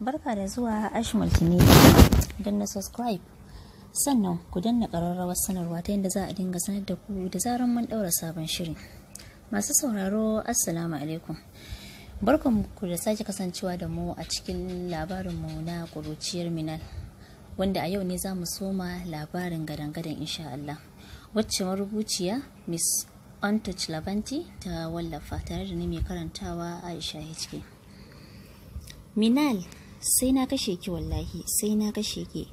barka da zuwa ash multimedia don na subscribe sannan ku danna ƙararrawar sanarwa ta yadda za a dinga sanar da ku da zarar mun ɗaura sabon shiri masu sauraro assalamu alaikum barkan ku da sake kasancewa da mu a cikin labarinmu na ƙuruciyar minal wanda a yau ne za mu soma labarin gadan-gadan insha Allah wacce marubuciya miss Antuch Labanti ta wallafa tare da ni mai karantawa Aisha HK. Minal sai na kashe ki wallahi sai na kashe ki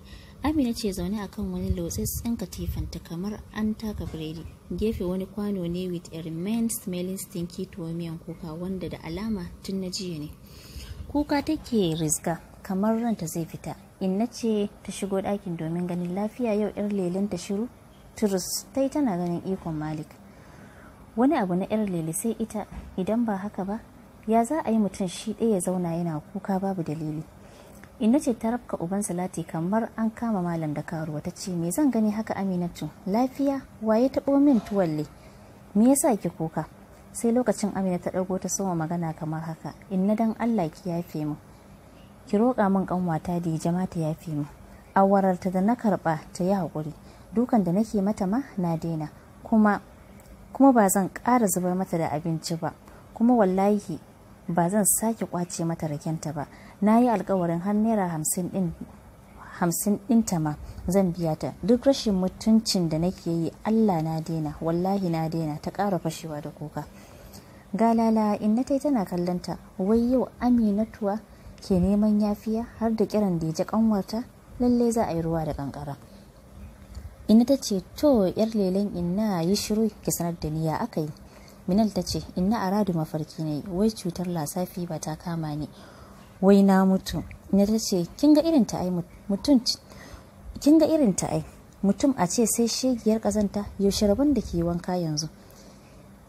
amina ce zaune a kan wani lotsatsen katifanta kamar an taka biredi gefe wani kwano ne with a remain smelling stinky tuwo kuka wanda da alama tun na jiya ne kuka take rizga kamar ranta zai fita inna ce ta shigo ɗakin domin ganin lafiya yau yar lelen ta shiru turus ta yi tana ganin ikon malik wani abu na yar lele sai ita idan ba haka ba ya za a yi mutum shi ɗaya zauna yana kuka babu dalili inda ce ta rabka uban salati kamar an kama malam da karuwa ta ce me zan gani haka aminatu lafiya waye taɓo min tuwalle me yasa ki kuka sai lokacin amina ta ɗago ta soma magana kamar haka inna dan allah ki yafe mu ki roƙa min ƙanwata da jama ta yafe mu awararta da na karɓa ta yi haƙuri dukan da nake mata ma na daina kuma ba zan ƙara zubar mata da abinci ba kuma wallahi ba zan sake kwace mata rakenta ba na yi alkawarin har naira hamsin din hamsin ma zan biya ta duk rashin mutuncin da nake yi allah na daina wallahi na daina ta ƙara fashewa da kuka galala ta tai tana kallonta wai yau aminatuwa ke neman yafiya har da kiran da ya kanwarta lallai za a yi ruwa da kankara inna ta ce to yar lelen inna yi shiru ki sanar da ni ya aka yi minal ta ce inna radu mafarki ne wai cutar lasafi ba ta kama ne wai na mutu ina ta ce kin ga irin ta ai mutum ga irin ta a ce sai shegiyar kazanta yaushe rabon da ke wanka yanzu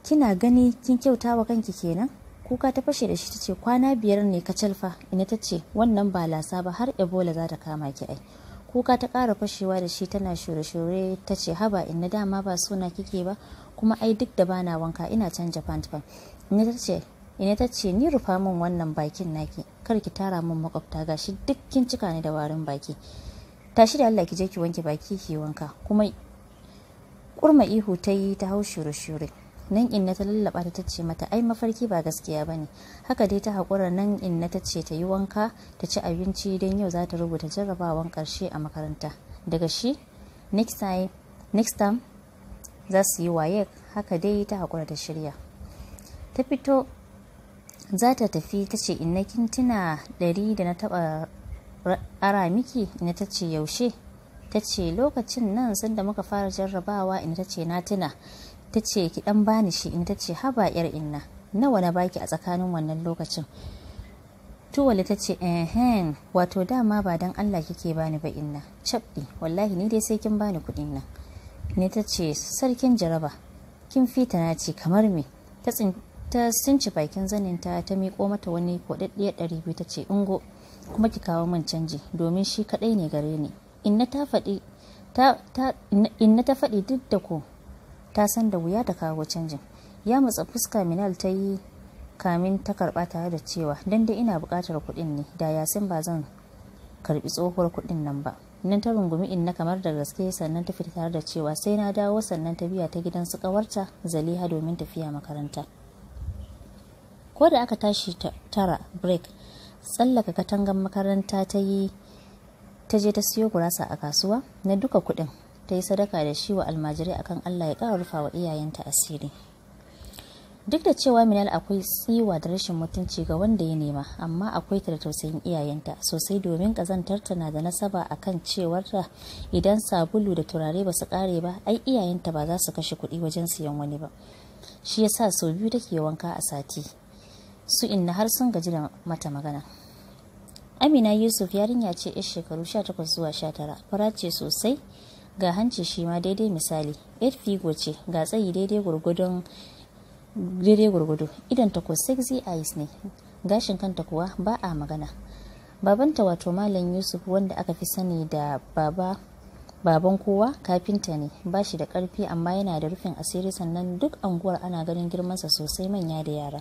kina gani kin kyauta wa kanki kenan kuka ta fashe da shi ta ce kwana biyar ne ka calfa ina ta ce wannan ba lasa ba har ebola za ta kama ki ai kuka ta kara fashewa da shi tana shure-shure ta ce haba inna dama ba suna kike ba kuma ai duk da bana wanka ina canja pant pant ina ta ce ni rufa min wannan bakin naki kar ki tara min makwabta gashi duk kin cika ni da warin baki tashi da Allah ki je ki wanke baki ki wanka kuma kurma ihu ta yi ta hau shure-shure nan inna ta lallaba ta ce mata ai mafarki ba gaskiya ba ne haka dai ta haƙura nan inna ta ce ta yi wanka ta ci abinci don yau za ta rubuta jarrabawan ƙarshe a makaranta daga shi next time next time za su yi waye haka dai ta haƙura ta shirya ta fito za ta tafi ta ce inna kin tuna ɗari da na taba ara miki inna ta ce yaushe ta ce lokacin nan sanda muka fara jarrabawa inna ta ce na tuna ta ce ki dan bani shi in ta ce haba yar inna nawa na baki a tsakanin wannan lokacin tuwali ta ce ehem. wato dama ba dan allah kike bani ba inna cabdi wallahi ni dai sai kin bani kuɗi nan ne ta ce sarkin jaraba kin fita na ce kamar me ta tsinci bakin zaninta ta miƙo mata wani kodaddiya ɗari biyu ta ce ingo kuma ki kawo min canji domin shi kaɗai ne gare ni inna ta faɗi duk da ku ta san da wuya ta kawo canjin ya matsa fuska minal ta yi kamin ta karba tare da cewa dan dai ina bukatar kuɗin ne da yasin ba zan karbi tsohuwar kuɗin nan ba nan ta rungumi in na kamar da gaske sannan ta fita tare da cewa sai na dawo sannan ta biya ta gidan su kawarta zaliha domin tafiya makaranta ko da aka tashi tara break tsallaka katangan makaranta ta yi ta je ta siyo gurasa a kasuwa na duka kudin. ta yi sadaka da shi wa almajirai akan Allah ya ƙara rufa wa iyayenta asiri duk da cewa minal akwai tsiwa da rashin mutunci ga wanda ya nema amma akwai ta da tausayin iyayenta sosai domin ƙazantarta na da nasaba a akan cewarta idan sabulu da turare ba su ƙare ba ai iyayenta ba za su kashe kuɗi wajen siyan wani ba shi yasa sau biyu take wanka a sati su inna har sun gaji da mata magana amina yusuf yarinya ce 'yar shekaru 18 zuwa 19 fara ce sosai ga hanci shi ma daidai misali 8 figure ce ga tsayi daidai gurgudun daidai gurgudu idan ta ko 6 eyes ne gashin kanta kuwa ba a magana babanta wato malam yusuf wanda aka fi sani da baba baban kowa kafinta ne ba shi da karfi amma yana da rufin asiri sannan duk anguwar ana ganin girmansa sosai manya da yara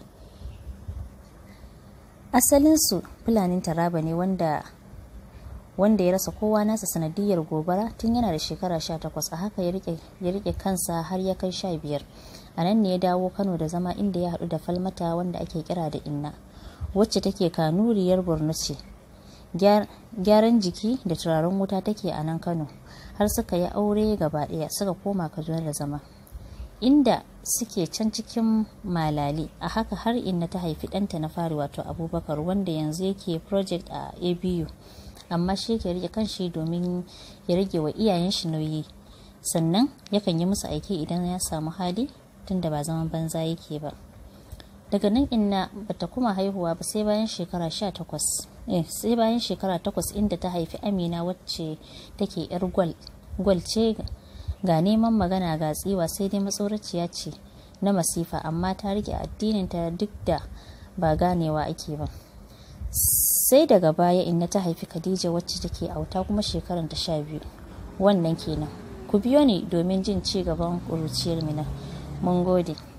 asalinsu fulanin taraba ne wanda wanda ya rasa kowa nasa sanadiyar gobara tun yana da shekara 18 a haka ya rike kansa har ya kai biyar. a nan ne ya dawo kano da zama inda ya haɗu da falmata wanda ake kira da inna wacce take kanuriyar borno ce gyaran jiki da turaren wuta take a nan kano har suka yi aure gaba ɗaya suka koma kaduna da zama inda suke can cikin malali a haka har inna ta haifi ɗanta na fari wato abubakar wanda yanzu yake project a abu amma shi yake rike shi domin ya rage wa iyayen shi nauyi sannan yakan yi musu aiki idan ya samu hali tunda ba zaman banza yake ba daga nan inna bata kuma haihuwa ba sai bayan shekara takwas eh, sai bayan shekara takwas inda ta haifi amina wacce take yar gwal gwal ce ga neman magana ga tsiwa sai dai matsoraciya ce na masifa amma ta rike addinin ta duk da ba ganewa ake ba sai daga baya inna ta haifi khadija wacce take auta kuma shekaran ta sha biyu wannan kenan ku biyo ni domin jin ci gaban ƙuruciyar mina mun gode